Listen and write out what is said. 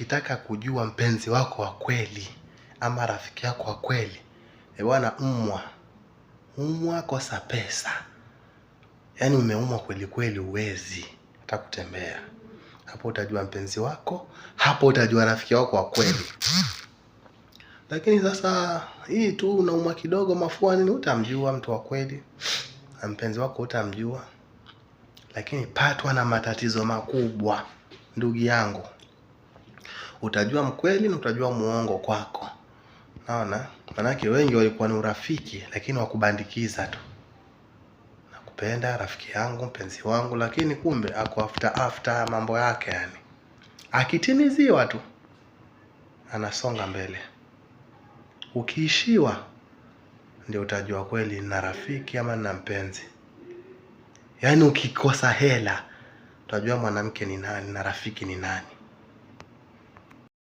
ukitaka kujua mpenzi wako wa kweli ama rafiki yako wa kweli eh, bwana, umwa umwa, kosa pesa, yaani umeumwa kweli kweli, uwezi hata kutembea. Hapo utajua mpenzi wako, hapo utajua rafiki wako wa kweli. Lakini sasa hii tu unaumwa kidogo, mafua nini, utamjua mtu wa kweli, mpenzi wako utamjua. Lakini patwa na matatizo makubwa, ndugu yangu utajua mkweli na utajua muongo kwako. Naona manake wengi walikuwa ni urafiki, lakini wakubandikiza tu, nakupenda rafiki yangu, mpenzi wangu, lakini kumbe ako after after mambo yake. Yani akitimiziwa tu anasonga mbele, ukiishiwa ndio utajua kweli na rafiki ama na mpenzi. Yaani ukikosa hela utajua mwanamke ni nani na rafiki ni nani.